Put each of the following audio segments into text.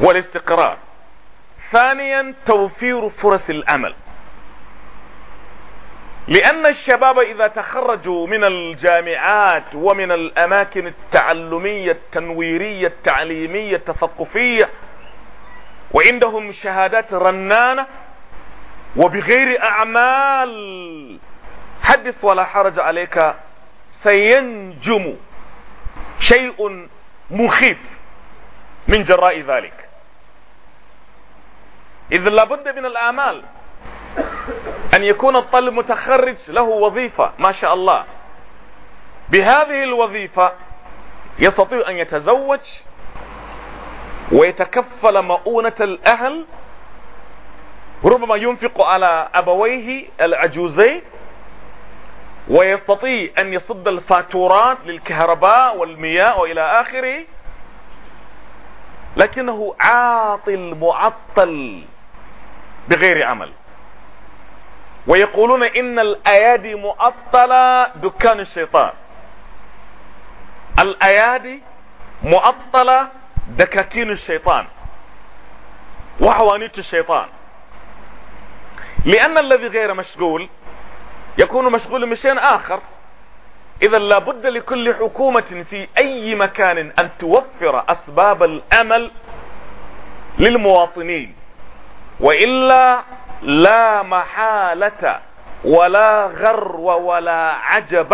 والاستقرار ثانيا توفير فرص الأمل لأن الشباب إذا تخرجوا من الجامعات ومن الأماكن التعلمية التنويرية التعليمية التثقفية وعندهم شهادات رنانة وبغير أعمال حدث ولا حرج عليك سينجم شيء مخيف من جراء ذلك إذ لابد من الآمال أن يكون الطالب متخرج له وظيفة ما شاء الله بهذه الوظيفة يستطيع أن يتزوج ويتكفل مؤونة الأهل ربما ينفق على أبويه العجوزين ويستطيع أن يصد الفاتورات للكهرباء والمياه وإلى آخره لكنه عاطل معطل بغير عمل ويقولون ان الايادي مؤطلة دكان الشيطان الايادي مؤطلة دكاكين الشيطان وحوانيت الشيطان لان الذي غير مشغول يكون مشغول بشيء اخر اذا لابد لكل حكومة في اي مكان ان توفر اسباب الامل للمواطنين وإلا لا محالة ولا غرو ولا عجب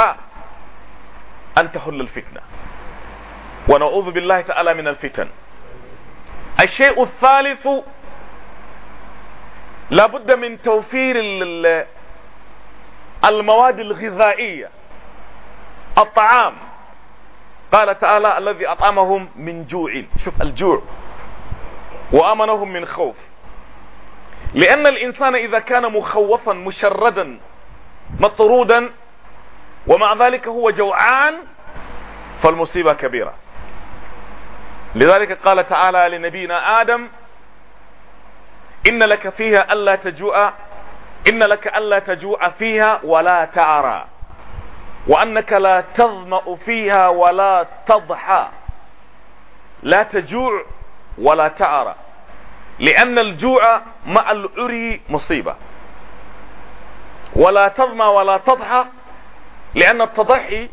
أن تحل الفتنة ونعوذ بالله تعالى من الفتن الشيء الثالث لابد من توفير المواد الغذائية الطعام قال تعالى الذي أطعمهم من جوع شوف الجوع وأمنهم من خوف لأن الإنسان إذا كان مخوفا مشردا مطرودا ومع ذلك هو جوعان فالمصيبة كبيرة لذلك قال تعالى لنبينا آدم إن لك فيها ألا تجوع إن لك ألا تجوع فيها ولا تعرى وأنك لا تظمأ فيها ولا تضحى لا تجوع ولا تعرى لأن الجوع مع العري مصيبة ولا تظمى ولا تضحى لأن التضحي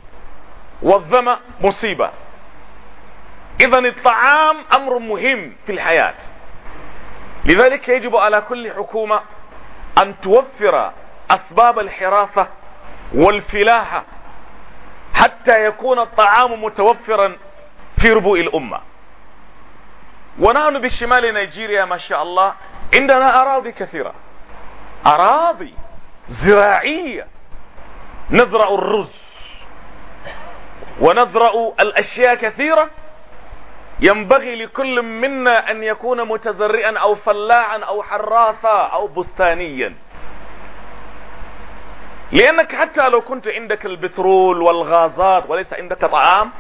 والذمى مصيبة إذا الطعام أمر مهم في الحياة لذلك يجب على كل حكومة أن توفر أسباب الحراسة والفلاحة حتى يكون الطعام متوفرا في ربوء الأمة ونحن بشمال نيجيريا ما شاء الله عندنا أراضي كثيرة أراضي زراعية نزرع الرز ونزرع الأشياء كثيرة ينبغي لكل منا أن يكون متزرئا أو فلاعا أو حراسا أو بستانيا لأنك حتى لو كنت عندك البترول والغازات وليس عندك طعام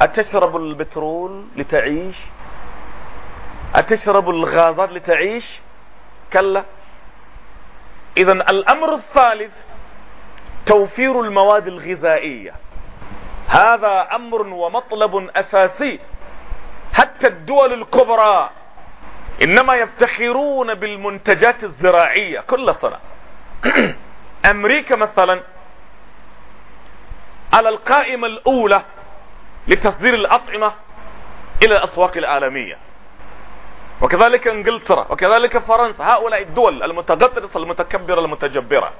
أتشرب البترول لتعيش؟ أتشرب الغازات لتعيش كلا إذا الأمر الثالث توفير المواد الغذائية هذا أمر ومطلب أساسي حتى الدول الكبرى إنما يفتخرون بالمنتجات الزراعية كل سنة أمريكا مثلا على القائمة الأولى لتصدير الأطعمة إلى الأسواق العالمية وكذلك انجلترا وكذلك فرنسا هؤلاء الدول المتغطرسة المتكبرة المتجبرة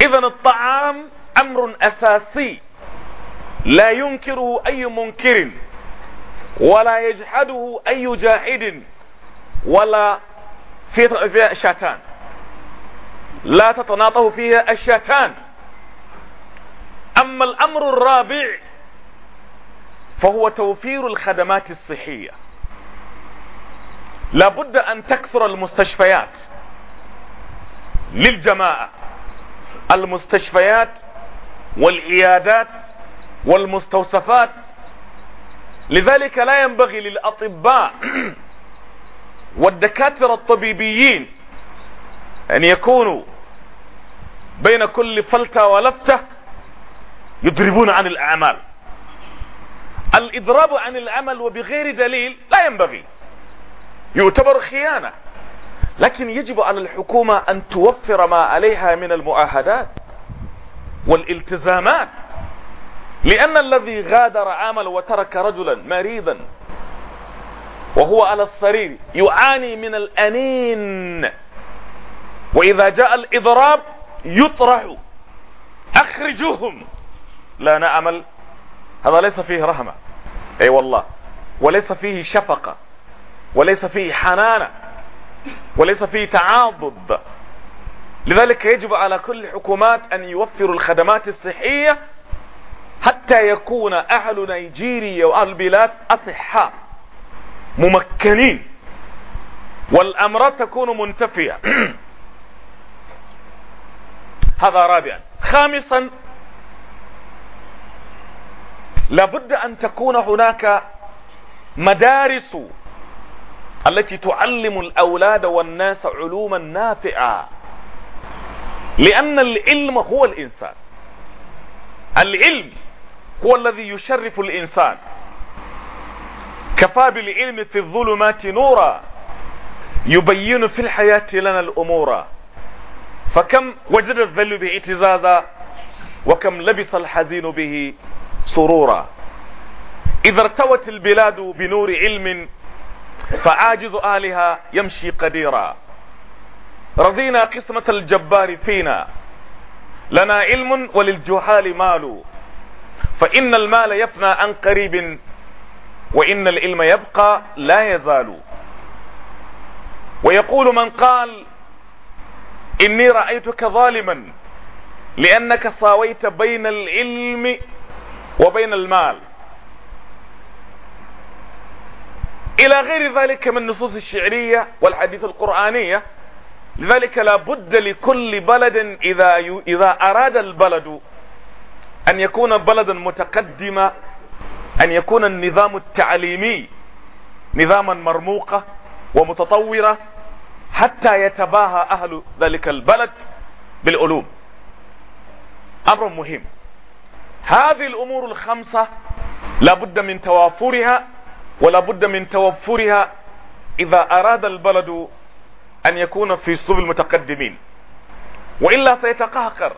اذا الطعام امر اساسي لا ينكره اي منكر ولا يجحده اي جاحد ولا فيها شتان لا تتناطه فيها الشتان اما الامر الرابع فهو توفير الخدمات الصحيه لابد أن تكثر المستشفيات للجماعة المستشفيات والعيادات والمستوصفات لذلك لا ينبغي للأطباء والدكاترة الطبيبيين أن يكونوا بين كل فلتة ولفتة يضربون عن الأعمال الإضراب عن العمل وبغير دليل لا ينبغي يعتبر خيانة لكن يجب على الحكومة أن توفر ما عليها من المؤهدات والالتزامات لأن الذي غادر عمل وترك رجلا مريضا وهو على السرير يعاني من الأنين وإذا جاء الإضراب يطرح أخرجوهم لا نعمل هذا ليس فيه رحمة أي أيوة والله وليس فيه شفقة وليس فيه حنانة وليس فيه تعاضد لذلك يجب على كل حكومات أن يوفروا الخدمات الصحية حتى يكون أهل نيجيريا وأهل البلاد أصحاء ممكنين والأمراض تكون منتفية هذا رابعا خامسا لابد أن تكون هناك مدارس التي تعلم الأولاد والناس علوما نافعة لأن العلم هو الإنسان العلم هو الذي يشرف الإنسان كفى بالعلم في الظلمات نورا يبين في الحياة لنا الأمور فكم وجد الذل به اعتزازا وكم لبس الحزين به سرورا إذا ارتوت البلاد بنور علم فعاجز آلها يمشي قديرا رضينا قسمة الجبار فينا لنا علم وللجهال مال فإن المال يفنى عن قريب وإن العلم يبقى لا يزال ويقول من قال إني رأيتك ظالما لأنك صاويت بين العلم وبين المال الى غير ذلك من النصوص الشعرية والحديث القرآنية لذلك لابد لكل بلد اذا, اذا اراد البلد ان يكون بلدا متقدما ان يكون النظام التعليمي نظاما مرموقة ومتطورة حتى يتباهى اهل ذلك البلد بالعلوم امر مهم هذه الامور الخمسة لابد من توافرها ولا بد من توفرها إذا أراد البلد أن يكون في صف المتقدمين وإلا سيتقهقر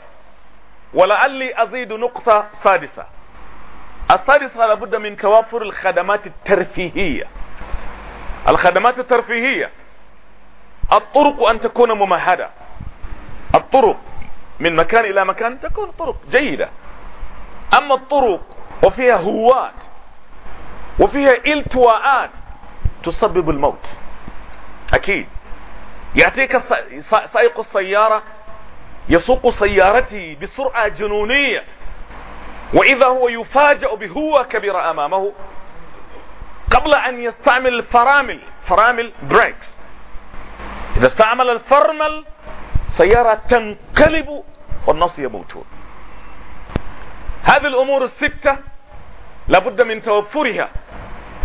ولعلي أزيد نقطة سادسة السادسة لابد من توافر الخدمات الترفيهية الخدمات الترفيهية الطرق أن تكون ممهدة الطرق من مكان إلى مكان تكون طرق جيدة أما الطرق وفيها هوات وفيها التواءات تسبب الموت أكيد يأتيك سائق السيارة يسوق سيارته بسرعة جنونية وإذا هو يفاجأ بهو كبيرة أمامه قبل أن يستعمل الفرامل فرامل بريكس إذا استعمل الفرمل سيارة تنقلب والناس يموتون هذه الأمور الستة لابد من توفرها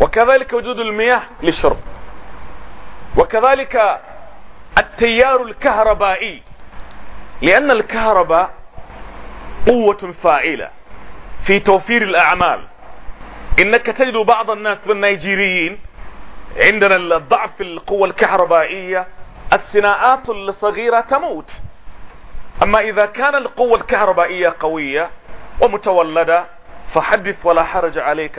وكذلك وجود المياه للشرب وكذلك التيار الكهربائي لأن الكهرباء قوة فاعلة في توفير الأعمال إنك تجد بعض الناس النيجيريين عندنا الضعف في القوة الكهربائية الثناءات الصغيرة تموت أما إذا كان القوة الكهربائية قوية ومتولدة فحدث ولا حرج عليك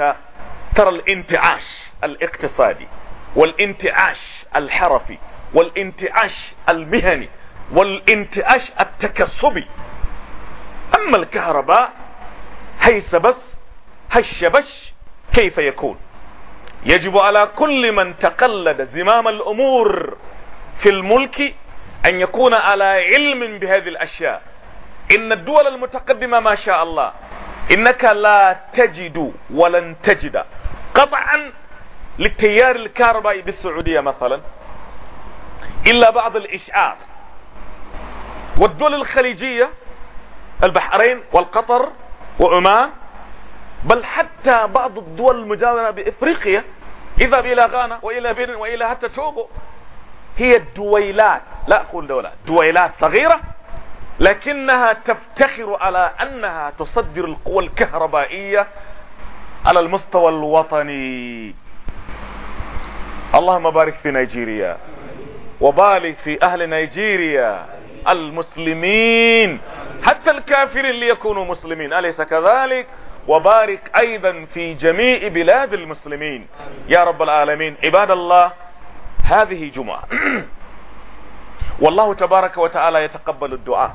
ترى الانتعاش الاقتصادي والانتعاش الحرفي والانتعاش المهني والانتعاش التكسبي أما الكهرباء هيسبس هشبش كيف يكون يجب على كل من تقلد زمام الأمور في الملك أن يكون على علم بهذه الأشياء إن الدول المتقدمة ما شاء الله إنك لا تجد ولن تجد قطعا للتيار الكهربائي بالسعودية مثلا إلا بعض الإشعار والدول الخليجية البحرين والقطر وعمان بل حتى بعض الدول المجاورة بإفريقيا إذا إلى غانا وإلى بيرن وإلى حتى توغو هي الدويلات لا أقول دولات دويلات صغيرة لكنها تفتخر على أنها تصدر القوى الكهربائية على المستوى الوطني اللهم بارك في نيجيريا وبارك في أهل نيجيريا المسلمين حتى الكافرين ليكونوا مسلمين أليس كذلك وبارك أيضا في جميع بلاد المسلمين يا رب العالمين عباد الله هذه جمعة والله تبارك وتعالى يتقبل الدعاء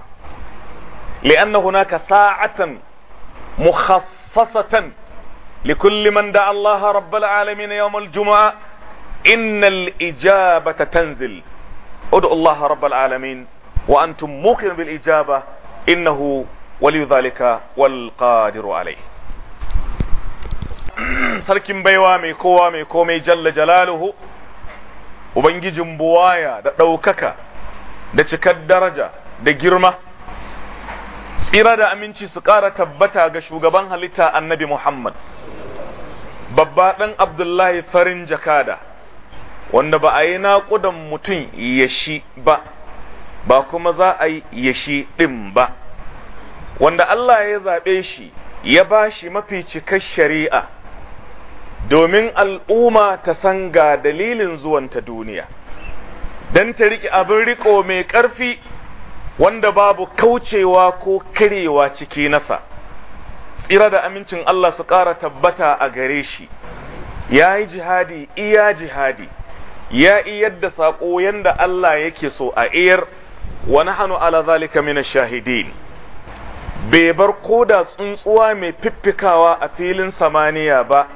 لأن هناك ساعة مخصصة لكل من دعا الله رب العالمين يوم الجمعة إن الإجابة تنزل ادعوا الله رب العالمين وأنتم موقن بالإجابة إنه ولي ذلك والقادر عليه sarkin baiwa mai kowa mai komai jalla jalaluhu ubangijin buwaya da ɗaukaka da cikar daraja da girma tsira da aminci su ƙara tabbata ga shugaban halitta annabi Muhammad babba ɗan Abdullahi farin jakada wanda ba a yi naƙudan mutum yashi ba ba kuma za a yi yashi ɗin ba wanda Allah ya zaɓe shi ya ba shi mafi cikar shari'a domin al'umma ta san ga dalilin zuwanta duniya don ta riƙe abin riƙo mai ƙarfi wanda babu kaucewa ko karewa ciki nasa tsira da amincin Allah su ƙara tabbata a gare shi ya yi jihadi iya jihadi ya iyar da saƙo yadda Allah yake so a iyar wani hannu ala zalika mina shahidin bai bar ko da tsuntsuwa mai fiffikawa a filin samaniya ba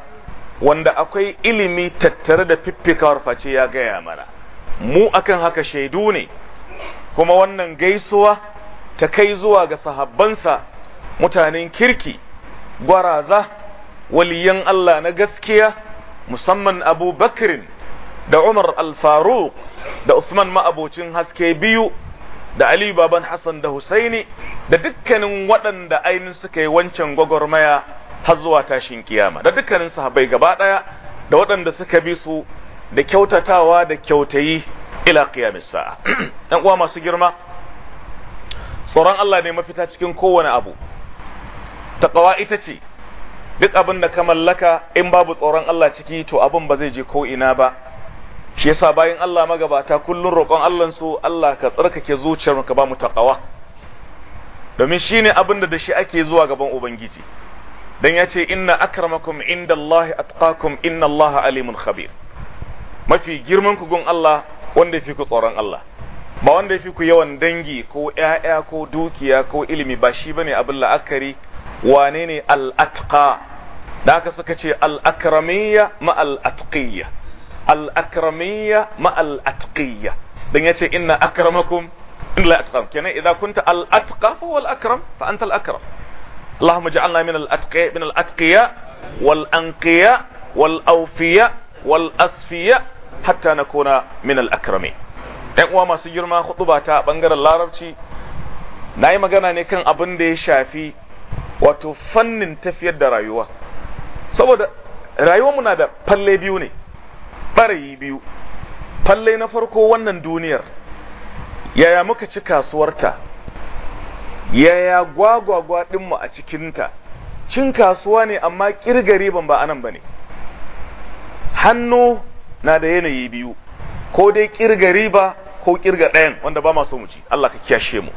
wanda akwai ilimi tattare da fiffikawar face ya gaya mana mu akan haka shaidu ne kuma wannan gaisuwa ta kai zuwa ga sahabbansa mutanen kirki gwaraza waliyan Allah na gaskiya musamman Abu Bakrin da Umar al-Faruq da Usman ma'abocin haske biyu da Ali baban Hassan da Husaini da dukkanin waɗanda ainihin suka yi wancan gwagwarmaya har zuwa tashin kiyama da dukkanin sahabbai gaba ɗaya da waɗanda suka bi su da kyautatawa da kyautayi ila qiyamis sa'a dan uwa masu girma tsoron Allah ne mafita cikin kowane abu taqwa ita ce duk abin da ka mallaka in babu tsoron Allah ciki to abin ba zai je ko ina ba shi yasa bayan Allah magabata kullum roƙon Allah su Allah ka tsarkake zuciyar ka ba mu taqwa domin shine abin da da shi ake zuwa gaban ubangiji dan ya ce inna akramakum indallahi atqakum innallaha alimun khabir mafi girman ku gun Allah wanda ya fi ku tsoron Allah ba wanda ya fi ku yawan dangi ko ƴaƴa ko dukiya ko ilimi ba shi ba ne abin la'akari wane ne al'atka da aka suka ce al'akramiyya ma'al'atkiyya al'akramiyya ma'al'atkiyya don ya ce ina akramakum in la atkam kenan idan kunta al'atka fa wal akram fa anta al'akram min اجعلنا من الأتقياء من الأتقياء والأنقياء والأوفياء والأصفياء hatta na kona min al'akrami ‘yan uwa masu girma ba ta ɓangaren larabci na yi magana ne kan abin da ya shafi wato fannin tafiyar da rayuwa saboda rayuwar muna da falle biyu ne ɓarayi biyu falle na farko wannan duniyar yaya muka ci kasuwarta yaya gwagwagwa ɗinmu a cikinta cin kasuwa ne amma ƙirga riban ba anan ba ne hannu na da yanayi biyu ko dai kirga riba ko kirga ɗayan wanda ba so mu ci Allah ka kyashe mu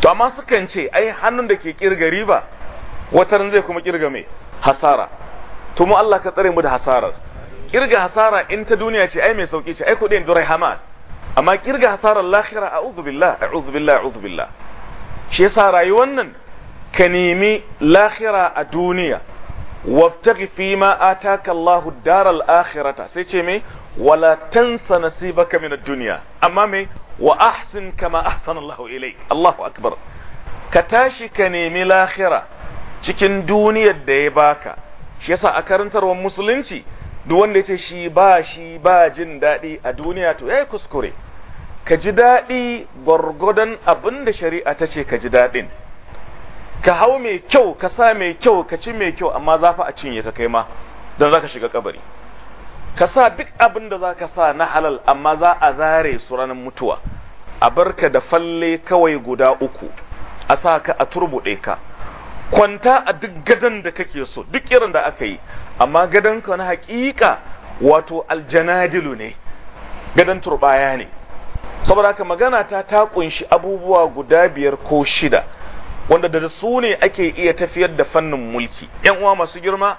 to amma sukan ce ai hannun da ke kirga riba wataran zai kuma kirga mai hasara to mu Allah ka tsare mu da hasarar kirga hasara in ta duniya ce ai mai sauki ce ai ku kudin durai hamad amma kirga hasarar lahira a'udhu billah a'udhu billah a'udhu billah shi yasa rayuwar nan ka nemi lahira a duniya waftaghi fi ma ataka Allahu daral akhirata sai ce mai wala tansa nasibaka min duniya amma mai wa ahsin kama ahsana Allahu ilayk Allahu akbar ka tashi ka nemi lahira cikin duniyar da ya baka shi yasa a karantarwar musulunci duk wanda ya ce shi ba shi ba jin daɗi a duniya to yayi kuskure ka ji daɗi gwargwadon abin da shari'a ta ce ka ji daɗin ka hau mai kyau ka sa mai kyau ka ci mai kyau amma za a cinye ka kai ma don za ka shiga kabari ka sa duk abin da za ka sa na halal amma za a zare su ranar mutuwa a bar ka da falle kawai guda uku a sa ka a turbuɗe ka kwanta a duk gadon da kake so duk irin da aka yi amma gadon ka na haƙiƙa wato aljanadilu ne gadon turbaya ne saboda haka magana ta ta kunshi abubuwa guda biyar ko shida wanda da su ne ake iya tafiyar da fannin mulki yan uwa masu girma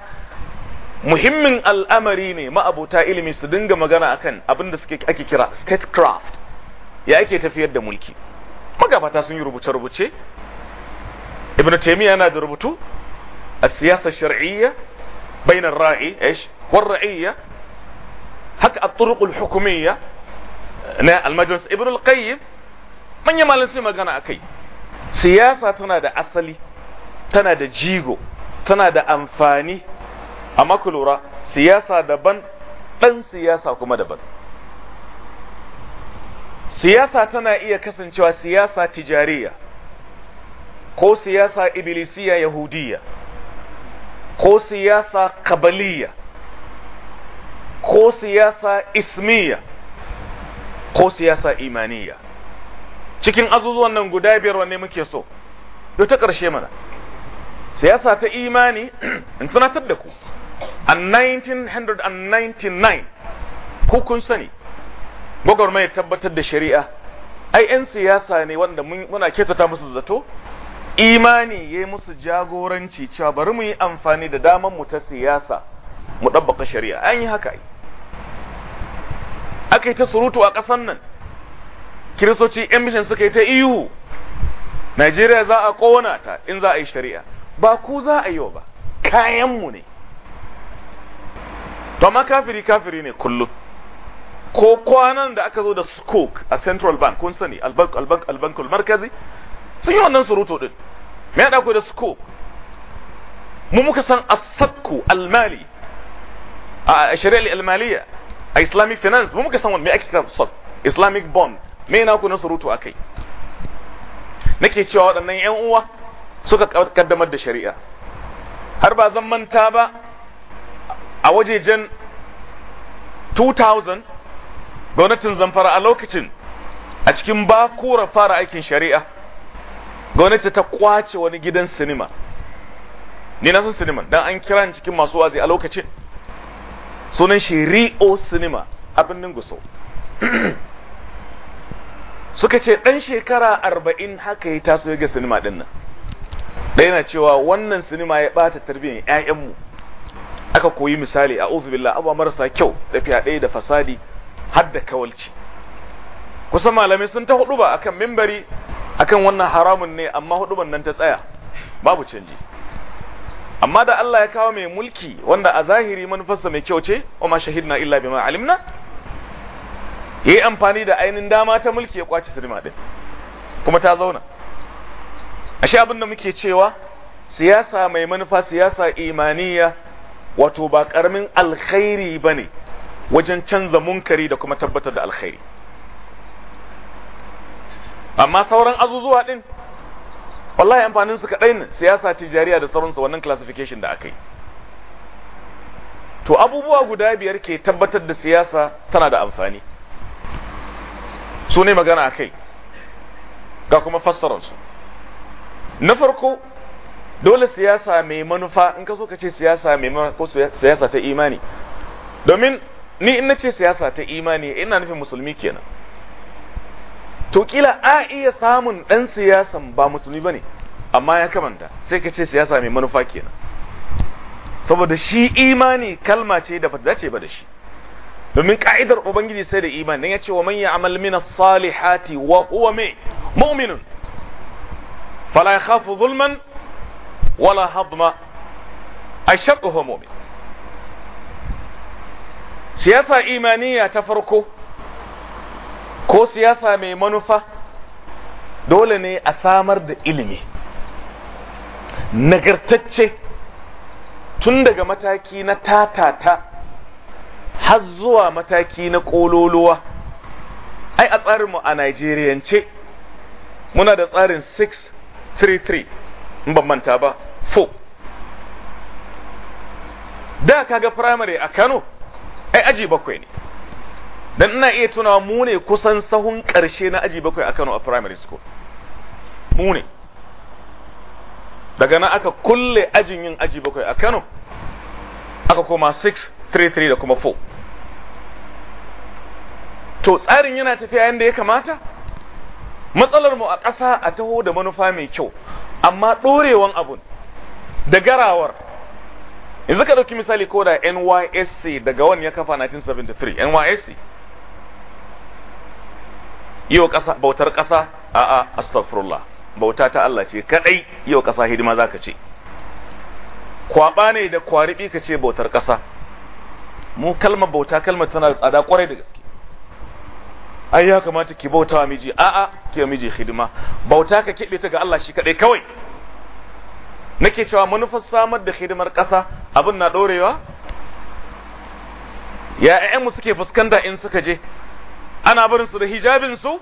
muhimmin al'amari ne ma'abuta ilimi su dinga magana akan abin da suke ake kira statecraft ya ake tafiyar da mulki magabata sun yi rubuce-rubuce ibn taymiya yana da rubutu a siyasa shar'iyya bayan ra'i eh war ra'iyya haka a turuq al-hukumiyya na al ibn al-qayyim manyan malan sun magana akai siyasa tana da asali tana da jigo tana da amfani a ku siyasa daban ɗan siyasa kuma daban siyasa tana iya kasancewa siyasa tijariya ko siyasa ibilisiya yahudiya ko siyasa kabaliya ko siyasa ismiya ko siyasa imaniya cikin azuzuwan nan guda biyar wanne muke so yau ta ƙarshe mana siyasa ta imani in tunatar da ku a 1999 ko kun sani mai tabbatar da shari'a ai 'yan siyasa ne wanda muna ketata musu zato imani ya yi musu jagoranci cewa bari mu yi amfani da damar mu ta siyasa mu ɗabbaka shari'a an yi haka aka yi ta surutu a ƙasan nan kiristoci yan mishan suka yi ta ihu Najeriya za a kona ta in za a yi shari'a ba ku za a yi wa ba kayanmu ne to ma kafiri kafiri ne kullum ko kwanan da aka zo da skok a central bank kun sani albankul markazi sun yi wannan surutu din me ya da skok mu muka san asakku almali a shari'ar almaliya a islamic finance mu muka san wani me ake kira islamic bond me na ku na surutu akai nake cewa waɗannan ƴan uwa suka kaddamar da shari'a har ba zan manta ba a wajejen 2000 gwamnatin zamfara a lokacin a cikin bakura fara aikin shari'a gwamnati ta kwace wani gidan sinima ni na san sinima dan an kira ni cikin masu wazi a lokacin sunan shi Rio Cinema a birnin Gusau suka ce ɗan shekara arba'in haka ya taso ya ga sinima ɗin nan ɗaya na cewa wannan sinima ya ɓata tarbiyyar ‘ya'yanmu aka koyi misali a uzubillah abuwa marasa kyau da fyaɗe da fasadi har da kawalci kusan malamai sun ta hudu ba akan mimbari akan wannan haramun ne amma huduban nan ta tsaya babu canji amma da Allah ya kawo mai mulki wanda a zahiri manufarsa mai kyau ce wa ma shahidna illa bima alimna Yi amfani da ainin dama ta mulki ya kwace sirma din kuma ta zauna ashe abin da muke cewa siyasa mai manufa siyasa imaniya wato ba karamin alkhairi bane wajen canza munkari da kuma tabbatar da alkhairi amma sauran azuzuwa din wallahi amfanin su kadai ne siyasa tijariya da sauransu wannan classification da aka yi to abubuwa guda biyar ke tabbatar da siyasa tana da amfani su ne magana a kai ga kuma fassararsu na farko dole siyasa mai manufa in ka so ka ce siyasa mai manufa ko siyasa ta imani domin ni in na ce siyasa ta imani ina nufin musulmi kenan to kila a iya samun dan siyasan ba musulmi ba ne amma ya kamanta sai ka ce siyasa mai manufa kenan saboda shi imani kalma ce da ba dace ba da shi domin ka'idar ubangiji sai da iman ya ce wa manya amal min salihati wa mai mu'minun fala hafi zulman wala hadma a shaɗu mu'min siyasa imaniya ta farko ko siyasa mai manufa dole ne a samar da ilimi nagartacce tun daga mataki na tatata har zuwa mataki na ƙololuwa ai a tsarinmu a Najeriyance muna da tsarin 633 in ban manta ba 4 da kaga firamare a Kano ai aji bakwai ne dan ina iya tunawa mu ne kusan sahun ƙarshe na aji bakwai a Kano a primary school mu ne daga nan aka kulle ajin yin aji bakwai a Kano aka koma 6 3-3 da kuma 4 to tsarin yana tafiya yadda ya kamata matsalar mu a ƙasa a taho da manufa mai kyau amma ɗorewan abun da garawar yanzu ka ɗauki misali ko da nysc daga wani ya kafa 1973 nysc yau ƙasa bautar ƙasa a a astagfirullah bauta ta Allah ce kaɗai yau ƙasa hidima za ce kwaɓa ne da kwaribi ka ce bautar ƙasa mu kalmar bauta kalmar tana da tsada kwarai da gaske ai ya kamata ki bauta wa miji a'a ki wa miji hidima bauta ka kebe ta ga Allah shi kadai kawai nake cewa manufar samar da hidimar ƙasa abin na dorewa ya mu suke fuskanta in suka je ana barin su da hijabin su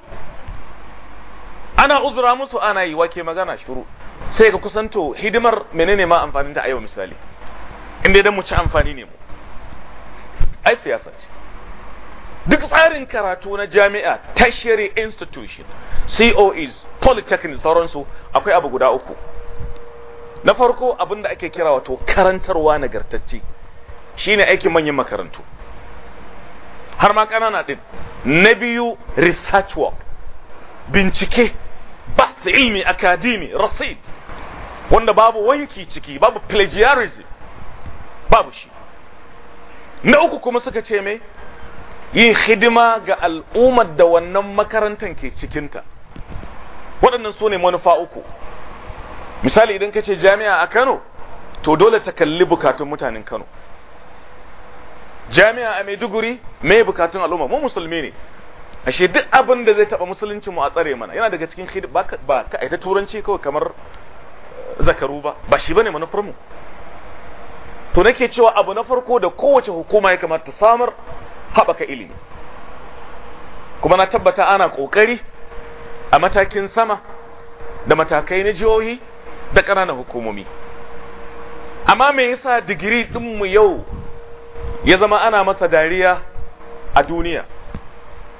ana uzura musu ana yi wake magana shiru sai ka kusanto hidimar menene ma amfanin ta a yau misali inda idan mu ci amfani ne mu ai siyasa ce duk tsarin karatu na jami'a tertiary institution COEs polytechnic sauransu akwai abu guda uku na farko abin da ake kira wato karantarwa nagartacce shine aikin manyan makarantu har ma kanana din na biyu research work bincike ba ilmi academy rasid wanda babu wanki ciki babu plagiarism babu shi na uku kuma suka ce mai yin hidima ga al'ummar da wannan makarantar ke cikinta waɗannan su ne manufa uku misali idan ka ce jami'a a kano to dole ta kalli bukatun mutanen kano jami'a a maiduguri mai bukatun al'umma mu musulmi ne ashe duk abin da zai taba musuluncinmu a tsare mana yana daga cikin hidima ba ka aita turanci kawai kamar eh, zakaru ba ba shi bane manufar mu to nake cewa abu na farko da kowace hukuma ya kamata ta samar haɓaka ilimi kuma na tabbata ana ƙoƙari a matakin sama da matakai na jihohi da ƙananan hukumomi amma me yasa digiri ɗinmu yau ya zama ana masa dariya a duniya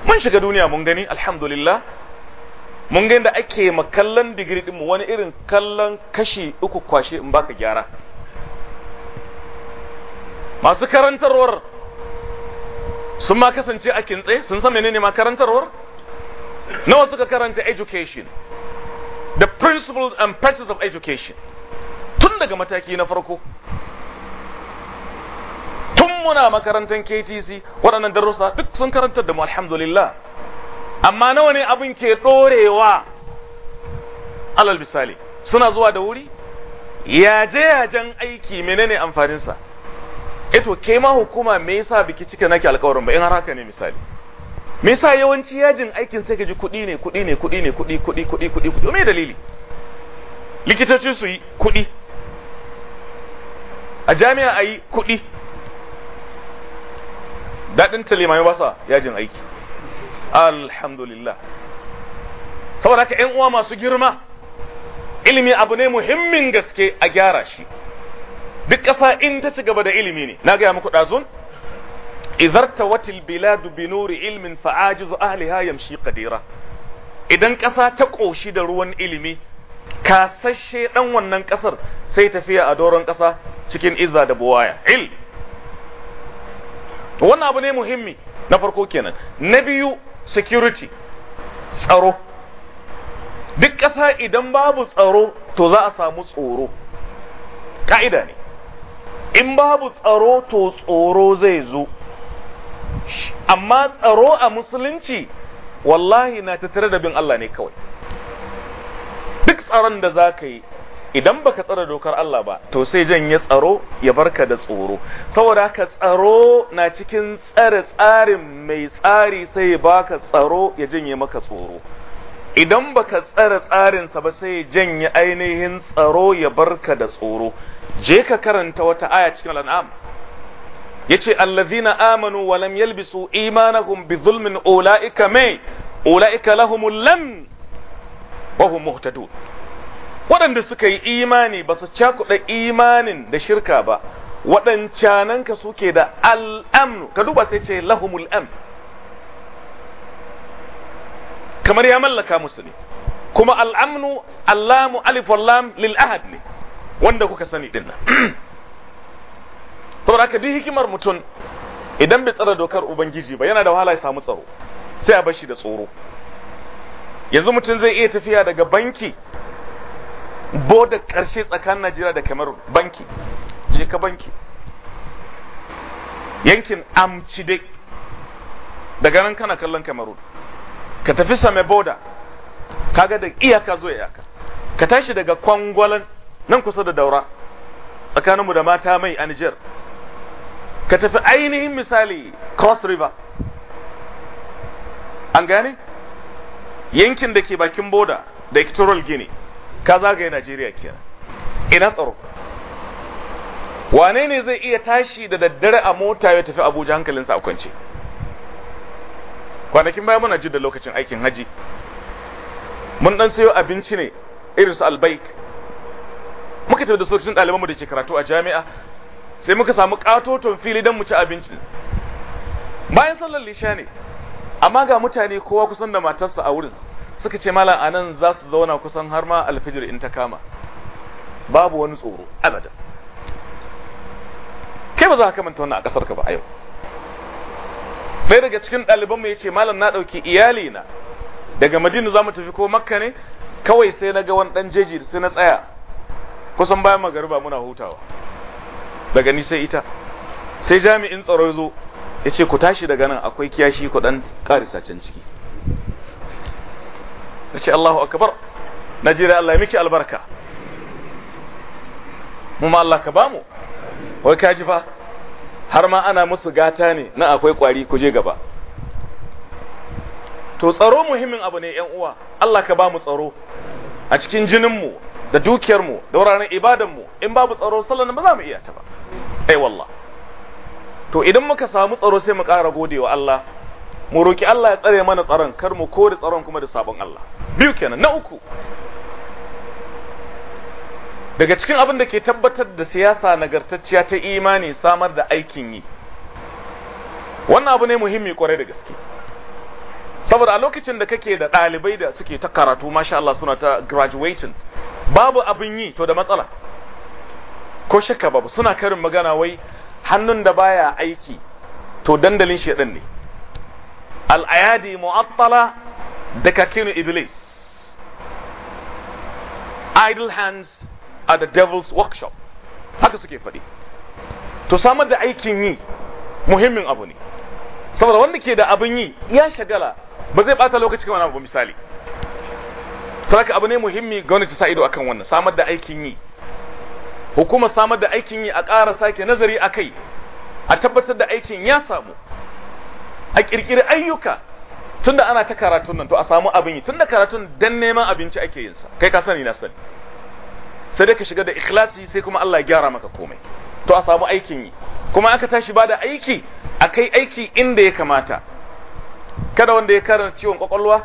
mun shiga duniya mun gani alhamdulillah mun ga da ake makallan digiri ɗinmu wani irin kallon kashi uku kwashe in baka gyara masu karantarwar sun ma kasance a kintse sun san menene ma karantarwar nawa suka karanta education the principles and practices of education tun daga mataki na farko tun muna makarantar KTC waɗannan darussa duk sun karantar da mu alhamdulillah amma nawa ne abin ke ɗorewa alal misali suna zuwa da wuri Ya yaje yajen aiki menene amfaninsa eto ke ma hukuma me yasa biki cika naki alƙawarin ba in har haka ne misali me yasa yawanci yajin aikin sai kaji kuɗi ne kuɗi ne kuɗi ne kuɗi kuɗi kuɗi kuɗi kuɗi me dalili likitoci su yi kuɗi a jami'a a yi kuɗi daɗin talimai basa yajin aiki alhamdulillah saboda haka 'yan uwa masu girma ilimi abu ne muhimmin gaske a gyara shi duk ƙasa in ta ci gaba da ilimi ne na gaya muku ɗazun Izarta watil biladu bi nuri ilmin fa'ajizu ahliha yamshi qadira idan ƙasa ta ƙoshi da ruwan ilimi kasashe ɗan wannan ƙasar sai tafiya a doron ƙasa cikin izza da buwaya il wannan abu ne muhimmi na farko kenan na biyu security tsaro duk ƙasa idan babu tsaro to za a samu tsoro Ka'ida ne in babu tsaro to tsoro zai zo amma tsaro a musulunci wallahi na tattare da bin Allah ne kawai duk tsaron da za ka yi idan baka tsara dokar Allah ba to sai janye tsaro ya barka da tsoro saboda haka tsaro na cikin tsare tsarin mai tsari sai ba baka tsaro ya janye maka tsoro idan baka tsara tsarinsa ba sai janye ainihin tsaro ya barka da tsoro je ka karanta wata aya cikin al'am yace allazina amanu wa lam yalbisu imanahum bi zulmin ulaika mai ulaika lahumul lam wa hum waɗanda suka yi imani ba su cakuɗa imanin da shirka ba waɗancananka suke da al'amnu ka duba sai ce lahumul am kamar ya mallaka musu ne kuma al'amnu allamu alif wallam lil ahad ne wanda kuka sani din nan saboda haka duk hikimar mutum idan bai tsara dokar ubangiji ba yana da wahala ya samu tsaro sai a bashi da tsoro yanzu mutum zai iya tafiya daga banki boda karshe tsakanin Najeriya da kamar banki je ka banki yankin amci dai daga nan kana kallon kamaru ka tafi same boda kaga da iyaka zo iyaka ka tashi daga kwangwalan nan kusa da daura tsakaninmu da mata mai a Niger ka tafi ainihin misali cross river an gane yankin da ke bakin boda da equatorial guinea ka zagaye najeriya kenan ina tsaro wane ne zai iya tashi da daddare a mota ya tafi abuja hankalinsa a kwance kwanakin baya muna da lokacin aikin haji mun dan sayo abinci ne irin su albaik muka tafi da sojojin ɗalibanmu da ke karatu a jami'a sai muka samu katoton fili don mu ci abinci bayan sallar lisha ne amma ga mutane kowa kusan da matarsa a wurin suka ce malam anan za su zauna kusan har ma alfijir in ta kama babu wani tsoro abada kai ba za ka manta wannan a kasar ka ba a yau ɗaya daga cikin ɗalibanmu ya ce malam na ɗauki iyali na daga madina za mu tafi ko makka ne kawai sai na ga wani ɗan jeji sai na tsaya kusan bayan magariba muna hutawa daga ni sai ita sai jami'in tsaro zo ya ce ku tashi daga nan akwai kiyashi ku ɗan ƙarisa can ciki na ce allahu akabar na jira allah miki albarka mu ma allah ka bamu wai ka ji fa har ma ana musu gata ne na akwai kwari kuje gaba to tsaro muhimmin abu ne yan uwa Allah ka ba mu tsaro a cikin jinin mu da dukiyarmu da wuraren mu in babu tsaro sallan ba za mu iya ta ba ai wallah to idan muka samu tsaro sai mu ƙara godewa Allah mu roki Allah ya tsare mana tsaron kar mu kore tsaron kuma da sabon Allah biyu kenan na uku daga cikin abin da ke tabbatar da siyasa nagartacciya ta imani samar da aikin yi wannan abu ne muhimmi kwarai da gaske saboda a lokacin da kake da ɗalibai da suke ta karatu masha Allah suna ta graduating babu abin yi to da matsala ko shakka babu suna karin magana wai hannun da baya aiki to dandalin ɗan ne al'ayadi mu'attala da kakinu iblis idle hands at the devil's workshop haka suke faɗi to samar da aikin yi muhimmin abu ne saboda wanda ke da abin yi ya shagala ba zai bata lokaci kamar abu misali saboda abu ne muhimmi ga wani sa ido akan wannan samar da aikin yi hukuma samar da aikin yi a ƙara sake nazari a kai a tabbatar da aikin ya samu a ƙirƙiri ayyuka tunda ana ta karatun nan to a samu abin yi tunda karatun dan neman abinci ake yinsa kai ka sani na sani sai dai ka shiga da ikhlasi sai kuma Allah ya gyara maka komai to a samu aikin yi kuma aka tashi bada aiki akai aiki inda ya kamata kada wanda ya karanta ciwon kwakwalwa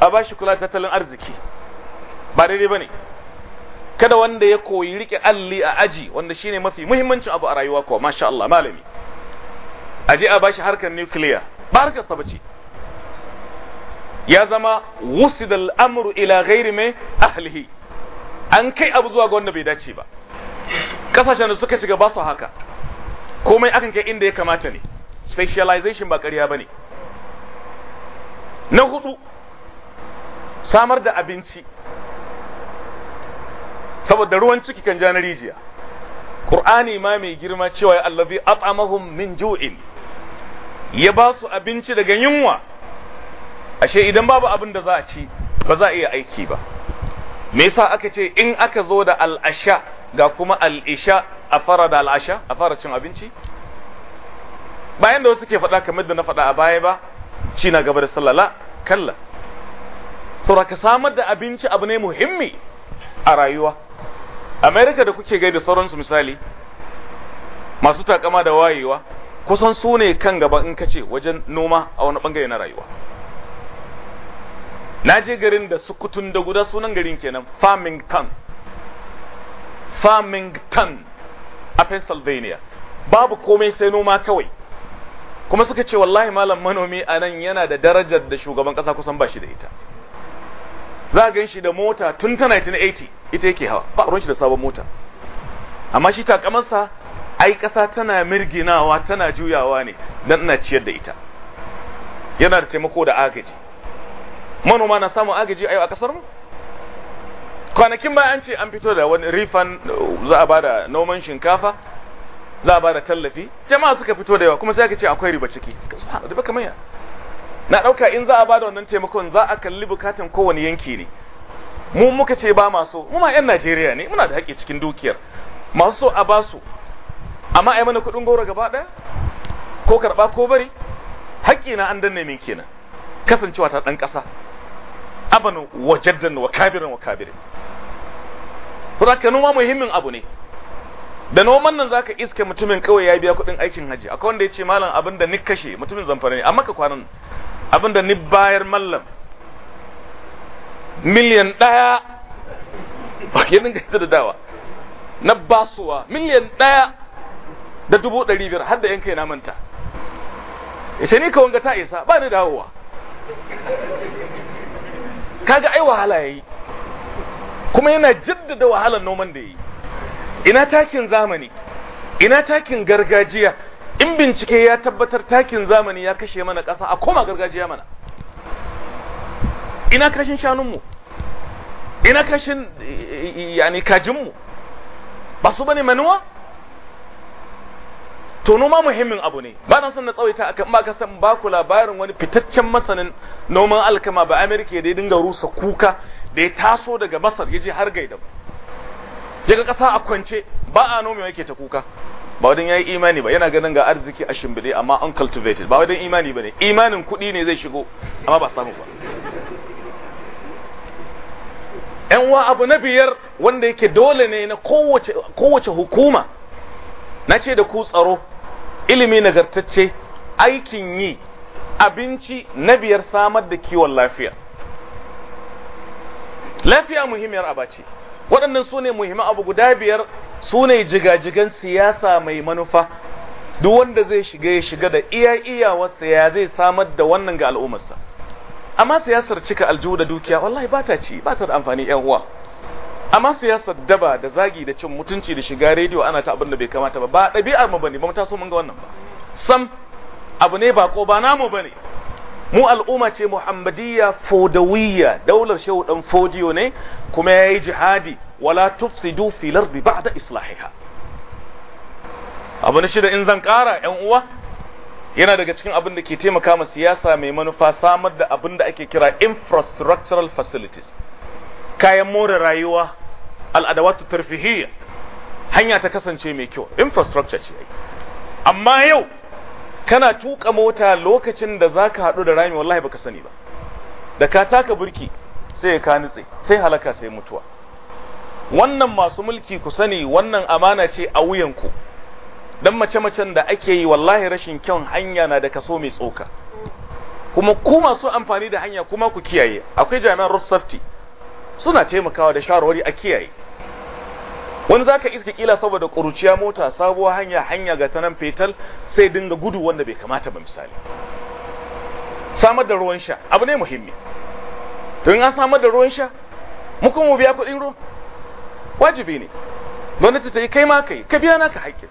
a bashi kula tattalin arziki ba daidai bane kada wanda ya koyi rike alli a aji wanda shine mafi muhimmancin abu a rayuwa kuwa masha Allah malami aje a bashi harkar nuclear ba harkar sa bace ya zama wusidal amru ila ghairi mai ahlihi an kai abu zuwa ga wanda bai dace ba kasashen da suka shiga ba su haka komai akan kai inda ya kamata ne specialization ba ƙarya ba ne na hudu samar da abinci saboda ruwan ciki kan ja na rijiya ƙur'ani ma mai girma cewa ya allabi at'amahum min ju'in ya ba su abinci daga yunwa ashe idan babu abin da za a ci ba za a iya aiki ba me yasa aka ce in aka zo da al'asha ga kuma al'isha a fara da al'asha a fara cin abinci bayan da wasu ke faɗa kamar da na faɗa a baya ba ci na gaba da sallala kalla saura ka samar da abinci abu ne muhimmi a rayuwa Amerika da kuke gai da sauransu misali masu takama da wayewa kusan su ne kan gaba in kace wajen noma a wani bangare na rayuwa na je garin da sukutun da guda sunan garin kenan farmington farmington a pennsylvania babu komai sai noma kawai kuma suka ce wallahi malam manomi a nan yana da darajar da shugaban kasa kusan ba shi da ita za a gan shi da mota tun ta 1980 ita yake hawa ba a shi da sabon mota amma shi takamarsa ai kasa tana mirginawa tana juyawa ne dan ina ciyar da ita yana da taimako da agaji manoma na samun agaji a yau a kasar mu kwanakin ba an ce an fito da wani rifan za a ba da noman shinkafa za a ba da tallafi jama'a suka fito da yawa kuma sai aka ce akwai riba ciki na ɗauka in za a ba da wannan taimakon za a kalli bukatan kowane yanki ne mu muka ce ba masu. mu ma 'yan najeriya ne muna da haƙƙi cikin dukiyar masu so a ba su amma a yi mana kuɗin goro gaba ɗaya ko karɓa ko bari haƙƙi na an danne min kenan kasancewa ta ɗan ƙasa aban wajaddan wa kabirin wa kabirin to zaka noma muhimmin abu ne da noman nan zaka iske mutumin kawai ya biya kuɗin aikin haji akwai wanda ya ce malam abin da ni kashe mutumin zamfara ne amma ka kwanan abin da ni bayar mallam miliyan ɗaya ba ke dinga da dawa na basuwa miliyan ɗaya da dubu ɗari biyar har da yanka yana manta ishe ni ka wanga ta isa ba ni dawowa kaga ai wahala yayi kuma yana jaddada wahalar noman da yayi ina takin zamani ina takin gargajiya in bincike ya tabbatar takin zamani ya kashe mana ƙasa a koma gargajiya mana ina kashin shanunmu ina kashin eh, eh, eh, yani kajinmu ba su bane manuwa to noma muhimmin abu ne ba na son na tsawaita akan ba ka san ba ku labarin wani fitaccen masanin noman alkama ba amerika da ya dinga rusa kuka da ya taso daga masar ya je har gaida ya ga ƙasa a kwance ba a nome yake ta kuka ba wadan yayi imani ba yana ganin ga arziki a shimbide amma uncultivated ba wadan imani bane imanin kuɗi ne zai shigo amma ba samu ba yan wa abu na biyar wanda yake dole ne na kowace hukuma na ce da ku tsaro ilimi nagartacce aikin yi abinci na biyar samar da kiwon lafiya lafiya muhimmiyar abaci waɗannan su ne muhimman abu guda biyar su ne jigajigan siyasa mai manufa duk wanda zai shiga ya shiga da iya iyawarsa ya zai samar da wannan ga al'ummarsa amma siyasar cika aljihu da dukiya wallahi ba ta ci ba ta da amfani yan uwa amma siyasar daba da zagi da cin mutunci da shiga rediyo ana ta abin da bai kamata ba ba ɗabi'ar mu bane ba mu taso mun ga wannan ba sam abu ne bako ba namu bane mu al'umma ce muhammadiyya fodawiyya daular shehu dan fodiyo ne kuma yayi jihadi wala tufsidu fil ardi ba'da islahiha abu shi shida in zan kara yan uwa yana daga cikin abin da ke taimaka ma siyasa mai manufa samar da abin da ake kira infrastructural facilities kayan more rayuwa al'adawatu tarfihiyya hanya ta kasance mai kyau infrastructure ce amma yau kana tuka mota lokacin da zaka hadu da rami wallahi baka sani ba da ka taka burki sai ka nitse, sai halaka sai mutuwa wannan masu mulki ku sani wannan amana ce a wuyanku dan mace-macen da ake yi wallahi rashin kyan hanya na da kaso mai tsoka kuma ku masu amfani da hanya kuma ku kiyaye akwai jami'an road safety suna taimakawa da sharwari a kiyaye wani za ka iske kila saboda ƙuruciya mota sabuwa hanya hanya ga ta nan fetal sai dinga gudu wanda bai kamata ba misali samar da ruwan sha abu ne muhimmi don an samar da ruwan sha mu kuma mu biya kuɗin ruwa wajibi ne gwamnati ta yi kai ma kai ka biya naka haƙƙin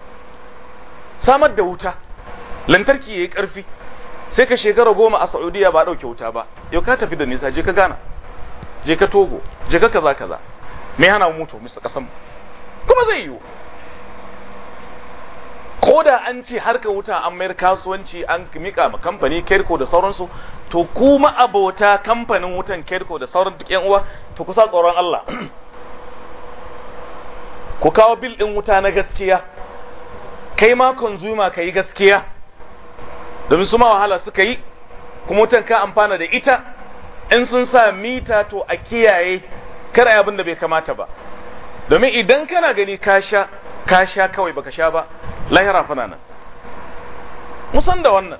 samar da wuta lantarki ya yi ƙarfi sai ka shekara goma a saudiya ba ɗauke wuta ba yau ka tafi da nisa je ka gana je ka togo je ka kaza kaza me hana mutu musu kasan kuma zai yiwu ko da an ce harka wuta an mayar kasuwanci an mika ma kamfani kerko da sauransu to kuma abota kamfanin wutan kerko da sauran duk yan uwa to kusa tsoron Allah ku kawo bil din wuta na gaskiya kai ma consumer kai gaskiya domin su ma wahala suka yi kuma wutan ka amfana da ita in sun sa mita to a kiyaye kar ai abin da bai kamata ba domin idan kana gani ka sha ka sha kawai baka sha ba lahira fana nan musan da wannan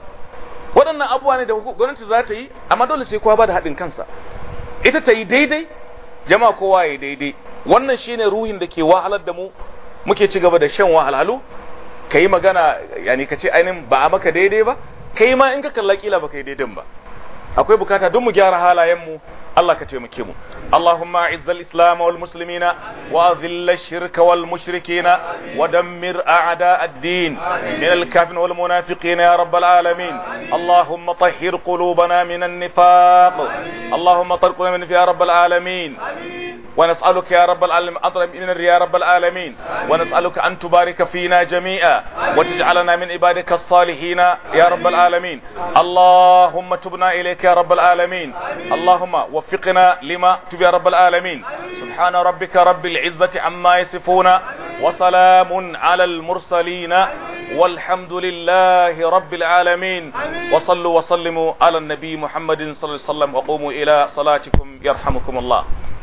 waɗannan abuwa ne da gwamnati za ta yi amma dole sai kowa ba da haɗin kansa ita ta yi daidai jama'a kowa ya yi daidai wannan shine ruhin da ke wahalar da mu muke ci gaba da shan wahalhalu ka yi magana yani ka ce ainihin ba a maka daidai ba kai ma in ka kalla kila ba ka yi daidai ba akwai bukata don mu gyara mu. الله كتير مكيمو اللهم اعز الاسلام والمسلمين واذل الشرك والمشركين ودمر اعداء الدين من الكافر والمنافقين يا رب العالمين اللهم طهر قلوبنا من النفاق اللهم طهر قلوبنا من النفاق يا رب العالمين ونسألك يا رب العالمين أطلب إلينا يا رب العالمين ونسألك أن تبارك فينا جميعا وتجعلنا من عبادك الصالحين يا رب العالمين اللهم تبنا إليك يا رب العالمين اللهم وفي وفقنا لما تبي رب العالمين سبحان ربك رب العزة عما يصفون وسلام على المرسلين والحمد لله رب العالمين وصلوا وسلموا على النبي محمد صلى الله عليه وسلم وقوموا إلى صلاتكم يرحمكم الله